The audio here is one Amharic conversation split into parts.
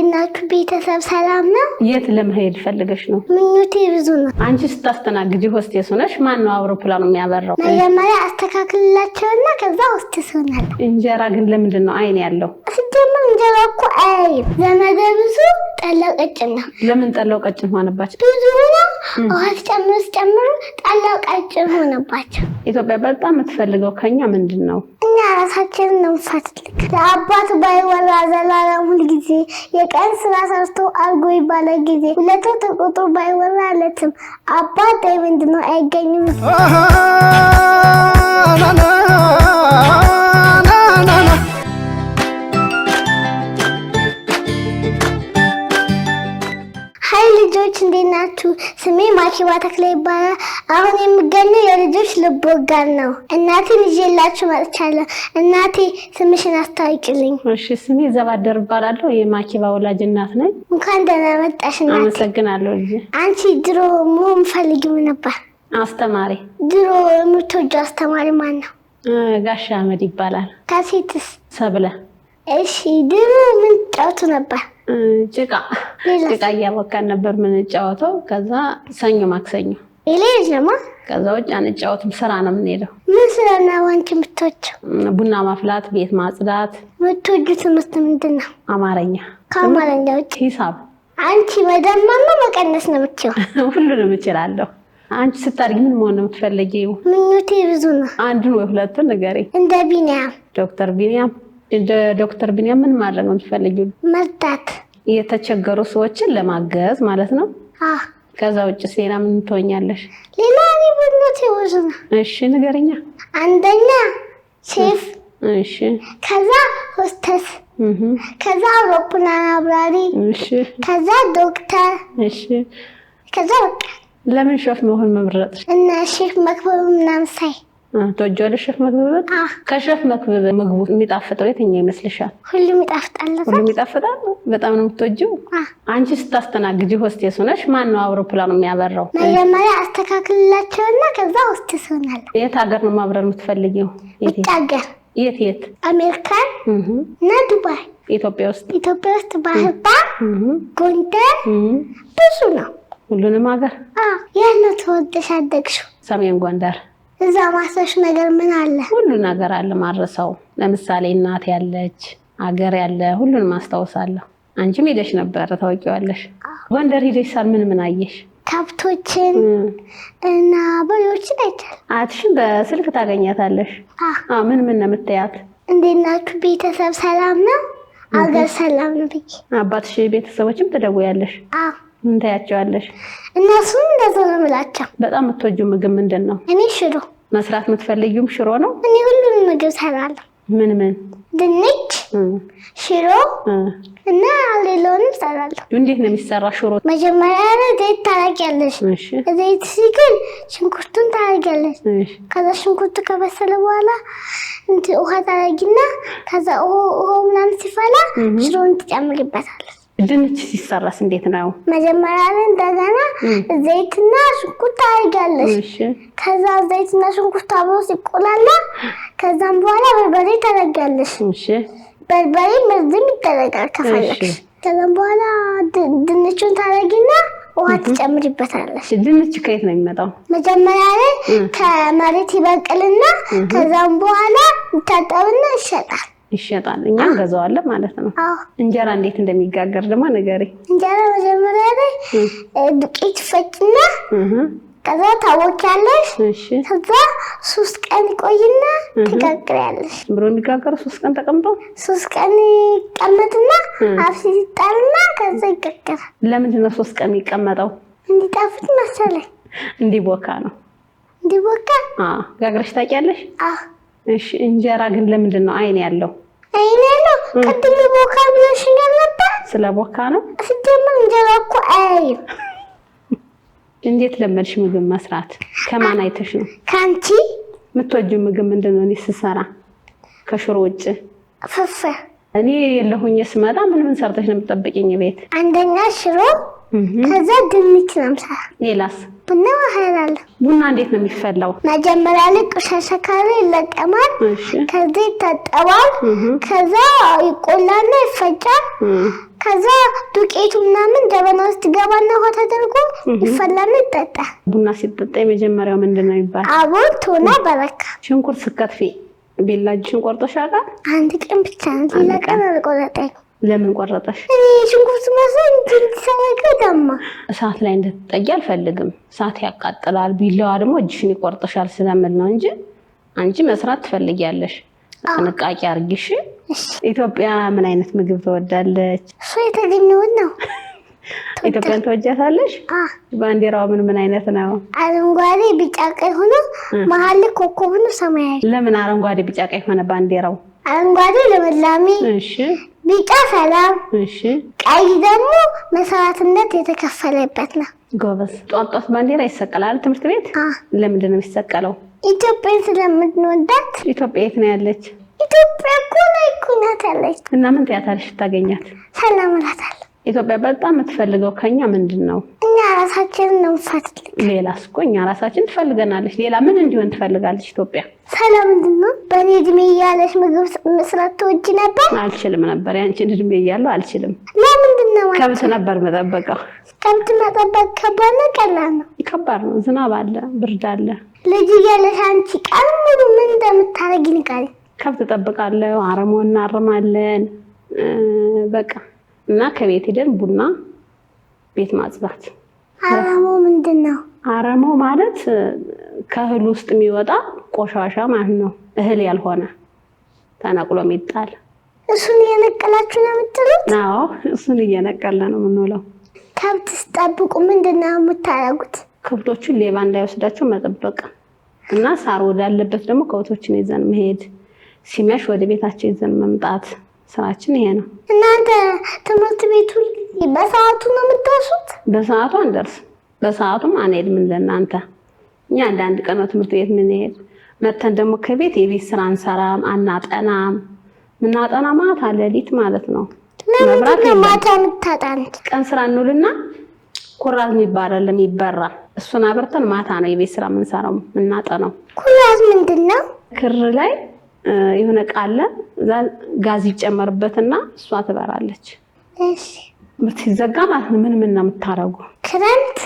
እንዴት ናችሁ ቤተሰብ? ሰላም ነው። የት ለመሄድ ፈልገሽ ነው? ምኞቴ ብዙ ነው። አንቺ ስታስተናግጂ ሆስቴስ ሆነሽ ማን ነው አውሮፕላኑ የሚያበራው? መጀመሪያ አስተካክልላቸውና ከዛ ሆስቴስ ሆናል። እንጀራ ግን ለምንድን ነው አይን ያለው? ስጀምር እንጀራ እኮ አያይም። ዘመደ ብዙ ጠላው ቀጭን ነው። ለምን ጠላው ቀጭን ሆነባቸው? ብዙ ነው ውሃ ጨምሮ ጨምሮ ጠላው ቀጭን ሆነባቸው። ኢትዮጵያ በጣም የምትፈልገው ከኛ ምንድን ነው? እኛ ራሳችንን ነው ምፈልግ ለአባቱ ባይወራ ዘላለ ጊዜ የቀን ስራ ሰርቶ አድርጎ ይባለ ጊዜ ሁለቱ ተቆጥሮ ባይወራለትም አባት ምንድ ነው አይገኝም ልጆች እንዴት ናችሁ? ስሜ ማኪባ ተክላ ይባላል። አሁን የሚገኘው የልጆች ልብ ወጋድ ነው። እናቴን ይዤላችሁ መጥቻለሁ። እናቴ ስምሽን አስታውቂልኝ። እሺ፣ ስሜ ዘባደር ይባላለሁ። የማኪባ ወላጅ እናት ነኝ። እንኳን ደህና መጣሽ እናቴ። አመሰግናለሁ ልጄ። አንቺ ድሮ መሆን ፈልጊው ነበር? አስተማሪ። ድሮ የምትወጂው አስተማሪ ማን ነው? ጋሻ አህመድ ይባላል። ከሴትስ? ሰብለ እሺ ድሮ ምን ጫወቱ ነበር? ጭቃ ጭቃ እያቦካን ነበር ምንጫወተው ከዛ ሰኞ ማክሰኞ ሌሎች ደግሞ ከዛ ውጭ አንጫወትም። ስራ ነው የምንሄደው። ምን ስራ ነው አንቺ የምትወጪው? ቡና ማፍላት፣ ቤት ማጽዳት። የምትወጂው ትምህርት ምንድን ነው? አማርኛ። ከአማርኛ ውጭ ሂሳብ። አንቺ መደማማ መቀነስ ነው የምትይው? ሁሉንም እችላለሁ። አንቺ ስታድጊ ምን መሆን ነው የምትፈልጊው? ምኞቴ ብዙ ነው። አንዱን ወይ ሁለቱን ንገሪኝ። እንደ ቢኒያም ዶክተር ቢኒያም ዶክተር ቢኒያም ምን ማድረግ ነው የምትፈልጊው? መርዳት፣ የተቸገሩ ሰዎችን ለማገዝ ማለት ነው። ከዛ ውጭ ሌላ ምን ትሆኛለሽ? ሌላ ቡድኖት ይወዝና። እሺ ንገረኛ። አንደኛ ሴፍ፣ እሺ። ከዛ ሆስተስ፣ ከዛ አውሮፕላን አብራሪ፣ እሺ። ከዛ ዶክተር፣ እሺ። ከዛ በቃ ለምን ሾፍ መሆን መምረጥ እና ሼፍ መክበብ ምናምን ሳይ ተወጃለሽ ሸፍ መክብብ ከሸፍ መክብብ ምግቡ የሚጣፍጠው የትኛው ይመስልሻል? ሁሉም ይጣፍጣል። ሁሉም ይጣፍጣል። በጣም ነው የምትወጂው። አንቺ ስታስተናግጂ ሆስቴስ ሆነሽ ማን ነው አውሮፕላኑ የሚያበራው? መጀመሪያ አስተካክልላቸውና ከዛ ሆስቴስ ሆናለሁ። የት ሀገር ነው ማብረር የምትፈልጊው? ውጭ ሀገር። የት የት? አሜሪካን እና ዱባይ። ኢትዮጵያ ውስጥ? ኢትዮጵያ ውስጥ ባህር ዳር፣ ጎንደር፣ ብዙ ነው። ሁሉንም ሀገር። የት ነው ተወደሽ አደግሽው? ሰሜን ጎንደር እዛ ማሰሽ ነገር ምን አለ? ሁሉ ነገር አለ ማረሰው። ለምሳሌ እናት ያለች አገር ያለ ሁሉንም አስታውሳለሁ። አንቺም ሄደሽ ነበር ታውቂዋለሽ። ጎንደር ሄደሽ ሳል ምን ምን አየሽ? ከብቶችን እና በሬዎችን አይቻል። አትሽን በስልክ ታገኛታለሽ። ምን ምን ነው የምታያት? እንዴት ናችሁ ቤተሰብ ሰላም ነው? አገር ሰላም ነው። አባትሽ ቤተሰቦችም ትደውያለሽ? ምን ታያቸዋለሽ? እነሱም እንደዛ ነው የምላቸው። በጣም የምትወጂው ምግብ ምንድን ነው? እኔ ሽሮ መስራት የምትፈልጊውም ሽሮ ነው። እኔ ሁሉንም ምግብ ሰራለሁ። ምን ምን? ድንች፣ ሽሮ እና ሌላውንም ሰራለሁ። እንዴት ነው የሚሰራ ሽሮ? መጀመሪያ ዘይት ታረጊያለሽ። ዘይት ሲግል ሽንኩርቱን ታረጊያለሽ። ከዛ ሽንኩርቱ ከበሰለ በኋላ ውሃ ታረጊና ከዛ ውሃው ምናምን ሲፈላ ሽሮን ትጨምሪበታለሽ። ድንች ሲሰራስ እንዴት ነው? መጀመሪያ ላይ እንደገና ዘይትና ሽንኩርት ታደርጊያለሽ። ከዛ ዘይትና ሽንኩርት አብሮ ሲቆላላ ከዛም በኋላ በርበሬ ታደርጊያለሽ። በርበሬ መርዝም ይደረጋል ከፈለግሽ። ከዛም በኋላ ድንቹን ታደርጊና ውሃ ትጨምሪበታለሽ። ድንች ከየት ነው የሚመጣው? መጀመሪያ ላይ ከመሬት ይበቅልና ከዛም በኋላ ይታጠብና ይሸጣል። ይሸጣል። እኛ ገዛዋለ ማለት ነው። እንጀራ እንዴት እንደሚጋገር ደግሞ ነገሬ። እንጀራ መጀመሪያ ላይ ዱቄት ፈጭና ከዛ ታቦቻለሽ። ከዛ ሶስት ቀን ይቆይና ትጋግሪያለሽ። ብሮ የሚጋገር ሶስት ቀን ተቀምጦ ሶስት ቀን ይቀመጥና አፍሲ ይጣልና ከዛ ይጋገራል። ለምንድን ነው ሶስት ቀን የሚቀመጠው? እንዲጣፍጥ መሰለኝ። እንዲቦካ ነው። እንዲቦካ ጋግረሽ ታውቂያለሽ? እሺ እንጀራ ግን ለምንድን ነው አይን ያለው? አይን ያለው ቅድም ቦካ ብለሽ ነበር። ስለ ቦካ ነው ስደማ እንጀራ እኮ አያይም። እንዴት ለመድሽ ምግብ መስራት? ከማን አይተሽ ነው? ከአንቺ የምትወጂው ምግብ ምንድን ነው? እኔ ስሰራ ከሽሮ ውጭ ፍርፍር እኔ የለሁኝ ስመጣ ምን ምን ሰርተሽ ነው የምጠብቅኝ ቤት አንደኛ ሽሮ፣ ከዛ ድንች ነምሳ። ሌላስ? ቡና ማፈላለሁ። ቡና እንዴት ነው የሚፈላው? መጀመሪያ ላይ ቆሻሻ ካለ ይለቀማል፣ ከዚ ይታጠባል፣ ከዛ ይቆላና ይፈጫል። ከዛ ዱቄቱ ምናምን ጀበና ውስጥ ገባና ውሃ ተደርጎ ይፈላና ይጠጣል። ቡና ሲጠጣ የመጀመሪያው ምንድን ነው የሚባል? አቦል፣ ቶና፣ በረካ። ሽንኩርት ስከትፌ ቤላጅሽን ቆርጠሽ አንድ ቀን ብቻ ነው። ሌላ ቀን አልቆረጠኝ። ለምን ቆረጠሽ? እኔ ሽንኩርት ማሳ እንድትሰረቀ ደማ እሳት ላይ እንድትጠጊ አልፈልግም። እሳት ያቃጥላል። ቢላዋ ደግሞ እጅሽን ይቆርጠሻል ስለምል ነው እንጂ አንቺ መስራት ትፈልጊያለሽ። ጥንቃቄ አርጊሽ። ኢትዮጵያ ምን አይነት ምግብ ትወዳለች? እሷ የተገኘውን ነው። ኢትዮጵያን ተወጃታለሽ? ባንዲራው ምን ምን አይነት ነው? አረንጓዴ፣ ቢጫ፣ ቀይ ሆኖ መሀል ኮከብ ነው ሰማያዊ። ለምን አረንጓዴ፣ ቢጫ፣ ቀይ ሆነ ባንዲራው? አረንጓዴ ልምላሜ እሺ፣ ቢጫ ሰላም፣ እሺ፣ ቀይ ደግሞ መስዋዕትነት የተከፈለበት ነው። ጎበዝ። ጧት ጧት ባንዲራ ይሰቀላል ትምህርት ቤት። ለምንድን ነው የሚሰቀለው? ኢትዮጵያን ስለምንወዳት። ኢትዮጵያ የት ነው ያለች? ኢትዮጵያ እኮ ላይ እኮ ናት ያለች። እና ምን ትያታለሽ? ታገኛት ሰላም እላታለሁ። ኢትዮጵያ በጣም የምትፈልገው ከኛ ምንድን ነው? እኛ ራሳችን ነው የምትፈልግ። እኮ እኛ ራሳችን ትፈልገናለች። ሌላ ምን እንዲሆን ትፈልጋለች ኢትዮጵያ? ሰላም ነው። በእኔ እድሜ እያለሽ ምግብ መስራት ትወጂ ነበር? አልችልም ነበር። ያንቺን እድሜ እያለሁ አልችልም። ለምንድን ነው? ከብት ነበር መጠበቀው። ከብት መጠበቅ ከባድ ነው? ቀላል ነው? ከባድ ነው። ዝናብ አለ፣ ብርድ አለ። ልጅ እያለሽ አንቺ ቀን ሙሉ ምን እንደምታደርጊ ንቃል። ከብት እጠብቃለሁ፣ አረሞ እናርማለን። በቃ እና ከቤት ሄደን ቡና ቤት ማጽዳት። አረሞ ምንድን ነው? አረሞ ማለት ከእህል ውስጥ የሚወጣ ቆሻሻ ማለት ነው። እህል ያልሆነ ተነቅሎ የሚጣል እሱን እየነቀላችሁ ነው የምትሉት? አዎ እሱን እየነቀለ ነው የምንውለው። ከብት ስጠብቁ ምንድን ነው የምታደርጉት? ከብቶቹን ሌባ እንዳይወስዳቸው መጠበቅ እና ሳር ወዳለበት ደግሞ ከብቶችን ይዘን መሄድ፣ ሲመሽ ወደ ቤታቸው ይዘን መምጣት ስራችን ይሄ ነው። እናንተ ትምህርት ቤቱን በሰዓቱ ነው የምታሱት? በሰዓቱ አንደርስም፣ በሰዓቱም አንሄድም። እንደናንተ እኛ አንድ ቀን ነው ትምህርት ቤት የምንሄድ። መተን ደግሞ ከቤት የቤት ስራ አንሰራም፣ አናጠናም። ምናጠና ማታ ሌሊት ማለት ነው። መብራት ማታ የምታጣሉት ቀን ስራ እንውልና ኩራዝ የሚባላል የሚበራ እሱን አብርተን ማታ ነው የቤት ስራ የምንሰራው የምናጠናው። ኩራዝ ምንድን ነው? ክር ላይ የሆነ ቃለ እዛ ጋዝ ይጨመርበትና እሷ ትበራለች። ሲዘጋ ማለት ነው። ምን ምን ነው የምታደርጉ? ክረምት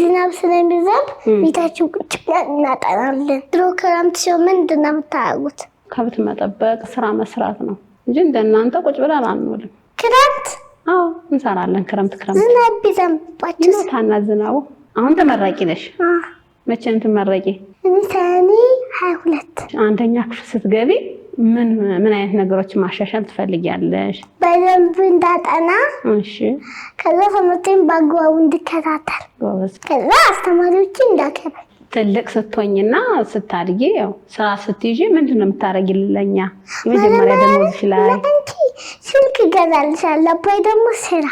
ዝናብ ስለሚዘብ ቤታችን ቁጭ ብለን እናጠናለን። ድሮ ክረምት ሲሆን ምንድን ነው የምታደርጉት? ከብት መጠበቅ፣ ስራ መስራት ነው እንጂ እንደናንተ ቁጭ ብለን አንውልም። ክረምት አዎ እንሰራለን። ክረምት ክረምት ዝናብ ቢዘንባችሁ ታና ዝናቡ አሁን ተመራቂ ነሽ። መቼ ነው ትመረቂ? እኔ ሰኔ ሀያ ሁለት አንደኛ ክፍል ስትገቢ ምን ምን አይነት ነገሮች ማሻሻል ትፈልጊያለሽ? በደንብ እንዳጠና። እሺ። ከዛ ትምህርቴን በአግባቡ እንድከታተል፣ ከዛ አስተማሪዎች እንዳከብር። ትልቅ ስትሆኝና ስታድጊ ያው ስራ ስትይዥ ምንድን ነው የምታደርጊልኛ? የመጀመሪያ ደሞዝሽ ላይ ስልክ እገዛልሻለሁ፣ አባይ ደግሞ ስራ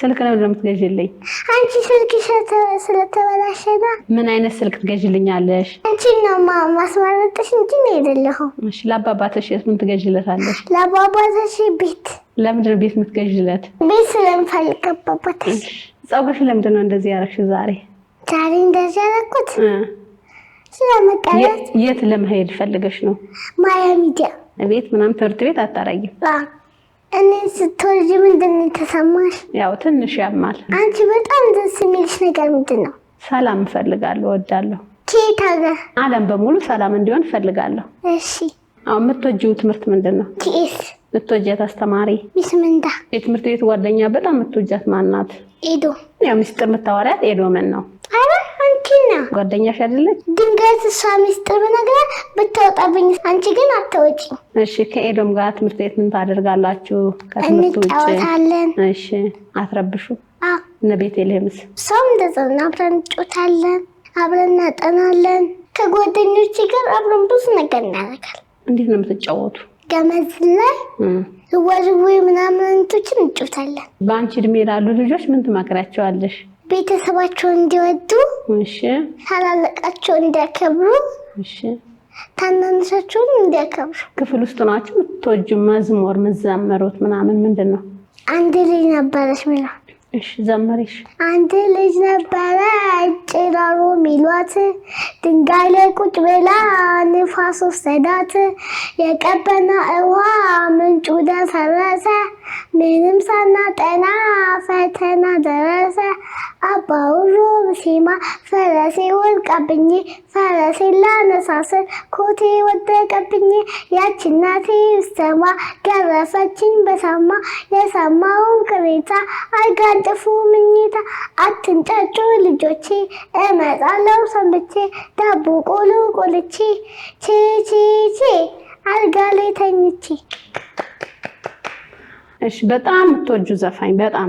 ስልክ ነው ለምትገዥልኝ? አንቺ ስልክ ስለተበላሸ ነው። ምን አይነት ስልክ ትገዥልኛለሽ? አንቺ ነው ማስመረጥሽ እንጂ ነው አይደለሁም። እሺ፣ ለአባባትሽ ምን ትገዥለታለሽ? ለአባባትሽ ቤት። ለምንድን ነው ቤት የምትገዥለት? ቤት ስለምፈልግ አባባትሽ። ፀጉርሽ ለምንድን ነው እንደዚህ ያደረግሽ ዛሬ? ዛሬ እንደዚህ ያደረኩት ስለመቀረት። የት ለመሄድ ፈልገሽ ነው? ማያ ሚዲያ ቤት ምናምን ትምህርት ቤት አታረጊም? እኔ ስትወልጂ ምንድን ነው የተሰማሽ? ያው ትንሽ ያማል። አንቺ በጣም ደስ የሚልሽ ነገር ምንድን ነው? ሰላም እፈልጋለሁ፣ እወዳለሁ። ኬት ሀገር? ዓለም በሙሉ ሰላም እንዲሆን እፈልጋለሁ። እሺ። አሁን የምትወጂው ትምህርት ምንድን ነው? ቲኤስ። የምትወጃት አስተማሪ? ቢስምንታ። የትምህርት ቤት ጓደኛ በጣም ምትወጃት ማናት? ኤዶ ያው ሚስጥር የምታወሪያት ኤዶምን ነው። ጓደኛሽ አይደለች? ድንገት እሷ ሚስጥር ነገር ብታወጣብኝ፣ አንቺ ግን አታወጪ። እሺ። ከኤዶም ጋር ትምህርት ቤት ምን ታደርጋላችሁ? እንጫወታለን። እሺ። አትረብሹ። እነ ቤተልሔምስ? እሷም እንደዚያው አብረን እንጫወታለን፣ አብረን እናጠናለን። ከጓደኞች ጋር አብረን ብዙ ነገር እናደርጋለን። እንዴት ነው የምትጫወቱ? ገመድ ላይ ዝዋዥዌ ምናምንቶችን እንጫወታለን። በአንቺ እድሜ ላሉ ልጆች ምን ትመክሪያቸዋለሽ? ቤተሰባቸውን እንዲወዱ፣ ታላላቃቸው እንዲያከብሩ፣ ታናናሻቸውን እንዲያከብሩ። ክፍል ውስጥ ናቸው የምትወጁ መዝሙር የምትዘምሩት ምናምን ምንድን ነው? አንድ ልጅ ነበረች ሚለው እሺ ዘመሪሽ። አንድ ልጅ ነበረ ጭራሮ ሚሏት፣ ድንጋይ ላይ ቁጭ ብላ ንፋስ ወሰዳት፣ የቀበና ውሃ ምንጩ ደፈረሰ፣ ምንም ጠና ፈተና ደረሰ። አባውሮ ሲማ ፈረሴ ወልቀብኝ ፈረሴ ላነሳስር ኮቴ ወደቀብኝ ያች እናቴ ብሰማ ገረፈችኝ በሳማ የሰማውን ቅሬታ አይጋጥፉ ምኝታ አትንጨጩ ልጆቼ እመጣለው ሰንብቼ ዳቦ ቆሎ ቆልቼ ቼቼቼ አልጋ ላይ ተኝቼ። እሺ በጣም ምትወጁ ዘፋኝ በጣም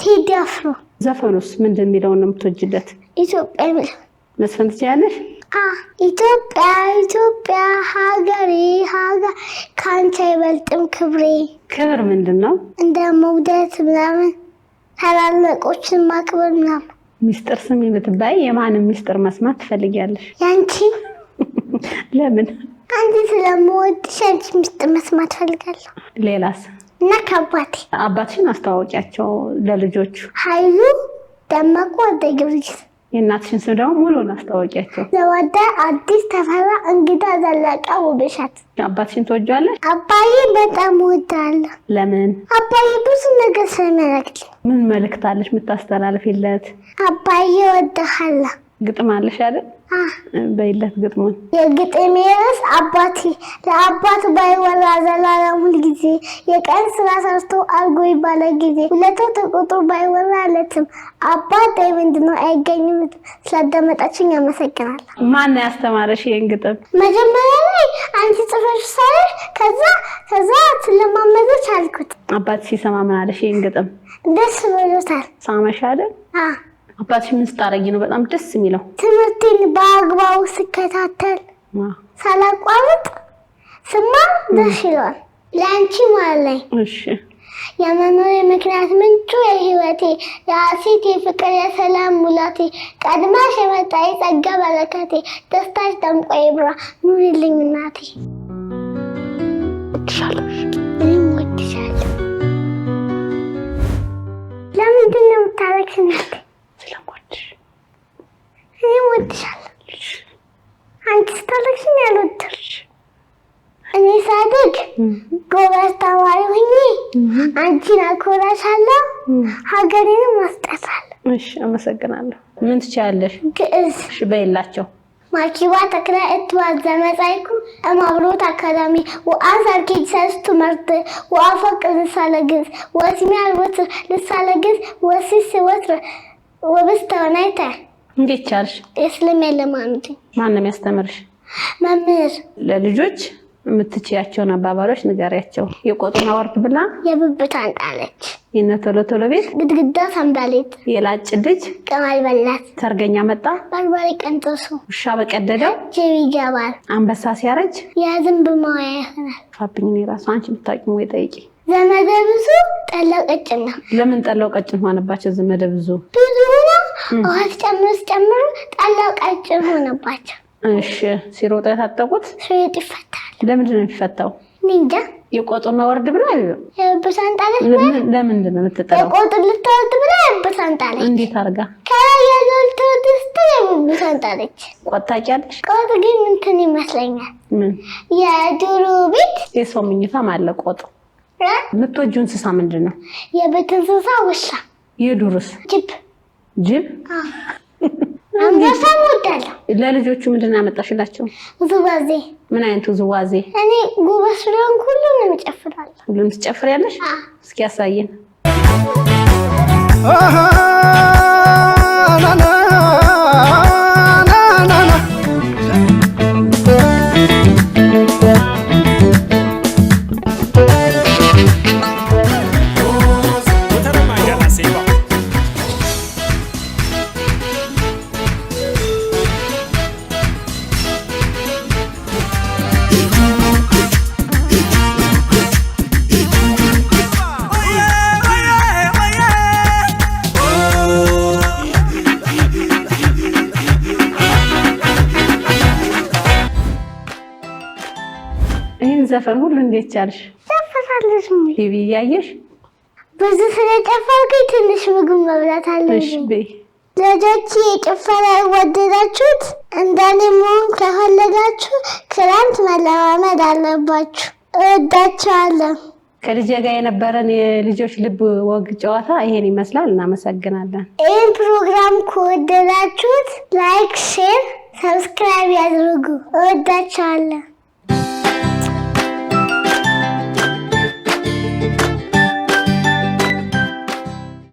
ቴዲ አፍሮ ዘፈኑስ ምንድን እንደሚለው ነው የምትወጅለት? ኢትዮጵያ መስፈን ትችያለሽ? ኢትዮጵያ ኢትዮጵያ ሀገሬ ሀገር ከአንቺ አይበልጥም ክብሬ። ክብር ምንድን ነው? እንደ መውደት ምናምን ታላላቆችን ማክበር ምናምን። ሚስጥር ስም የምትባይ የማንም ሚስጥር መስማት ትፈልጊያለሽ? ያንቺ። ለምን? አንቺ ስለምወድሽ አንቺ ሚስጥር መስማት ፈልጋለሁ። ሌላስ? እና ከአባቴ አባትሽን አስተዋወቂያቸው ለልጆቹ ሀይሉ ደመቁ ወደ ጊዮርጊስ የእናትሽን ስም ደግሞ ሙሉን አስታወቂያቸው። ለወደ አዲስ ተፈራ፣ እንግዳ ዘለቀ፣ ውብሸት። አባትሽን ትወጂዋለሽ? አባዬ በጣም እወዳለሁ። ለምን? አባዬ ብዙ ነገር ስለሚያደርግልኝ። ምን መልእክት አለሽ የምታስተላልፊለት? አባዬ እወድሃለሁ። ግጥም አለሽ አይደል? በይለት ግጥሙን የግጥሜ ርዕስ አባቴ። ለአባት ባይወራ ዘላለም ጊዜ የቀን ስራ ሰርቶ አድጎ ይባለ ጊዜ ሁለቱ ተቆጥሮ ባይወራ አለትም አባት ዳይ ምንድነው አይገኝም። ስላዳመጣችን ያመሰግናል። ማን ያስተማረሽ ይህን ግጥም? መጀመሪያ ላይ አንቺ ጽፈሽ ሳይሽ ከዛ ከዛ ስለማመዞች አልኩት። አባት ሲሰማ ምን አለሽ? ይህን ግጥም ደስ ብሎታል። ሳመሽ አይደል? አባትሽ ምን ስታረጊ ነው በጣም ደስ የሚለው? ትምህርቴን በአግባቡ ስከታተል ሳላቋርጥ ስማር ደስ ይለዋል። ለአንቺ ማለኝ የመኖር ምክንያት ምንጩ የህይወቴ የአሴት የፍቅር የሰላም ሙላቴ ቀድማሽ የመጣ የጸጋ በረከቴ ደስታሽ ደምቆ ይብራ ኑሪልኝ እናቴ። እኔም ወድሻለሁ። ለምንድን ነው የምታረግሽ እናቴ? እኔም ወድሻለሁ። አንቺ ስታለቅሽኝ ያልወደድሽ እኔ ሳድግ ጎበዝ ተማሪ ሆኜ አንቺን አኮራሻለሁ፣ ሀገሬንም ማስጠራለሁ። እሺ፣ አመሰግናለሁ። ምን ትችያለሽ? ግዕዝ። እሺ በይላቸው ማኪባ ተክለ እትዋት ዘመጻይኩ እማብሮት አካዳሚ ወአፍ አርኬጅ ሰስቱ መርት ወአፈቅ ልሳለ ግዝ ወስሚያል ወትር ልሳለ ግዝ ወሲስ ወትር ወብስተወናይተ እንዴት ቻልሽ? እስልምና ለማንድ ማን ያስተምርሽ የሚያስተምርሽ? መምህር። ለልጆች የምትችያቸውን አባባሎች ንገሪያቸው። የቆጡን አወርድ ብላ የብብት አንጣለች። የነ ቶሎ ቶሎ ቤት ግድግዳ ሰንበሌጥ። የላጭ ልጅ ቅማል በላት። ሰርገኛ መጣ በርበሬ ቀንጥሱ። ውሻ በቀደደው ጅብ ይገባል። አንበሳ ሲያረጅ የዝንብ መዋያ ይሆናል። ፋብኝን የራሱ አንቺ የምታውቂው ወይ ጠይቂ ዘመደ ብዙ ጠላው ቀጭን ነው። ለምን ጠላው ቀጭን ሆነባቸው? ዘመደ ብዙ ብዙ ሆኖ ውሃ ሲጨምሩ ሲጨምሩ ጠላው ቀጭን ሆነባቸው። እሺ፣ ሲሮጡ የታጠቁት ሲሮጥ ይፈታል። ለምንድን ነው የሚፈታው? እንጃ። የቆጡን ለምንድን ነው የምትጠላው? የቆጡን ልታወርድ ብላ በሳንጣለች። እንዴት አድርጋ ቆጥ ታውቂያለሽ? ቆጥ ግን እንትን ይመስለኛል ቤት የሰው ምኝታም አለ የምትወጁ እንስሳ ምንድን ነው? የቤት እንስሳ ውሻ። የዱርስ? ጅብ። ጅብ አንበሳም እወዳለሁ። ለልጆቹ ምንድን ነው ያመጣሽላቸው? ውዝዋዜ። ምን አይነት ውዝዋዜ? እኔ ጎበስ ስለሆንኩ ሁሉንም እጨፍራለሁ። ሁሉንም ትጨፍሪያለሽ? እስኪ ያሳየን። እንዴት ቻልሽ? ጨፈሳለሽ ቲቪ እያየሽ ብዙ ስለጨፈርኩኝ ትንሽ ምግብ መብላት አለብኝ። ልጆች የጭፈራ የወደዳችሁት እንደኔ መሆን ከፈለጋችሁ ክረምት መለማመድ አለባችሁ። እወዳችኋለሁ። ከልጄ ጋር የነበረን የልጆች ልብ ወግ ጨዋታ ይሄን ይመስላል። እናመሰግናለን። ይህን ፕሮግራም ከወደዳችሁት ላይክ፣ ሼር፣ ሰብስክራይብ ያድርጉ። እወዳችኋለሁ።